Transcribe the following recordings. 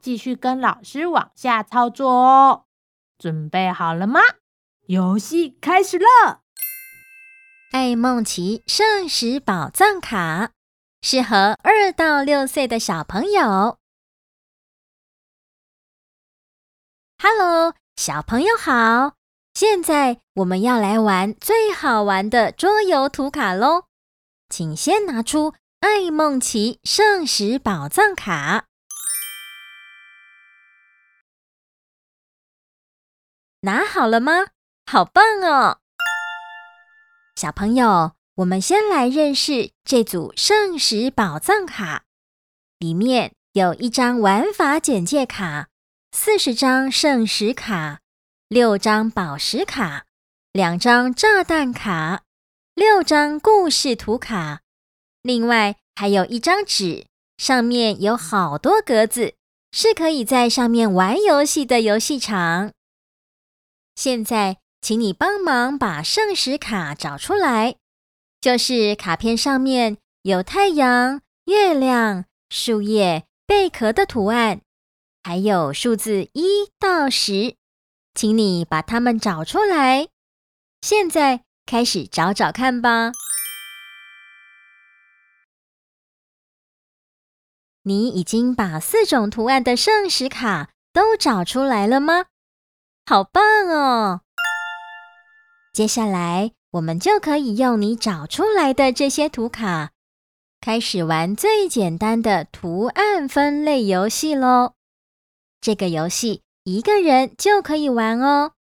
繼續跟老師往下操作哦，準備好了嗎？遊戲開始了！愛孟奇聖石寶藏卡，適合二到六歲的小朋友。Hello，小朋友好！現在我們要來玩最好玩的桌遊圖卡嘍，請先拿出愛孟奇聖石寶藏卡。拿好了嗎？好棒哦！小朋友，我們先來認識這組聖石寶藏卡。裡面有一張玩法簡介卡，四十張聖石卡，六張寶石卡，兩張炸彈卡，六張故事圖卡，另外還有一張紙，上面有好多格子，是可以在上面玩遊戲的遊戲場。現在，請你幫忙把聖石卡找出來，就是卡片上面有太陽、月亮、樹葉、貝殼的圖案，還有數字一到十，請你把它們找出來。現在開始找找看吧。你已經把四種圖案的聖石卡都找出來了嗎？好棒哦！接下來我們就可以用你找出來的這些圖卡，開始玩最簡單的圖案分類遊戲嘍。這個遊戲一個人就可以玩哦。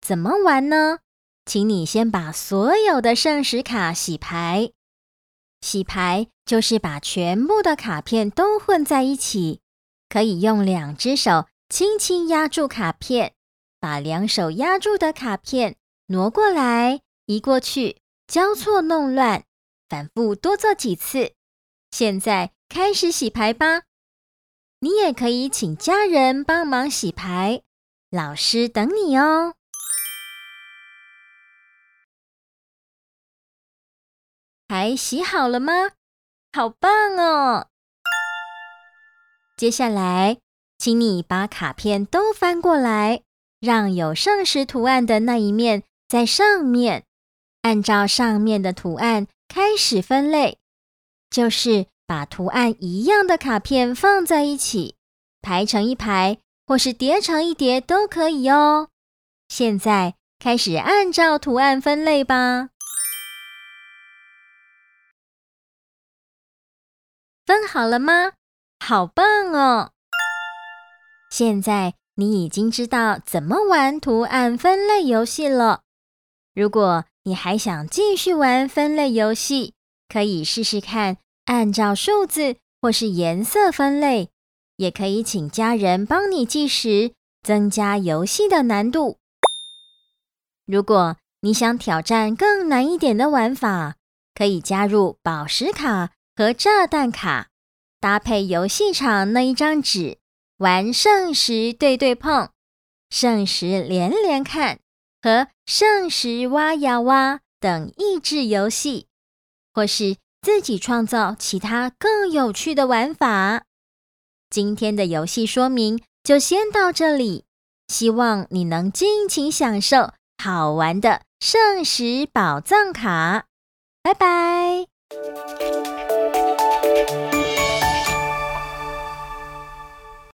怎麼玩呢？請你先把所有的聖石卡洗牌，洗牌就是把全部的卡片都混在一起，可以用兩隻手輕輕壓住卡片。把兩手壓住的卡片挪過來，移過去，交錯弄亂，反覆多做幾次。現在開始洗牌吧！你也可以請家人幫忙洗牌，老師等你哦。牌洗好了嗎？好棒哦！接下來，請你把卡片都翻過來。讓有聖石圖案的那一面在上面，按照上面的圖案開始分類，就是把圖案一樣的卡片放在一起，排成一排，或是疊成一疊都可以哦。現在開始按照圖案分類吧。分好了嗎？好棒哦！現在，你已經知道怎麼玩圖案分類遊戲了。如果你還想繼續玩分類遊戲，可以試試看按照數字或是顏色分類，也可以請家人幫你計時，增加遊戲的難度。如果你想挑戰更難一點的玩法，可以加入寶石卡和炸彈卡，搭配遊戲場那一張紙。玩聖石對對碰、聖石連連看和聖石挖呀挖等益智遊戲，或是自己創造其他更有趣的玩法。今天的遊戲說明就先到這裡，希望你能盡情享受好玩的聖石寶藏卡。拜拜。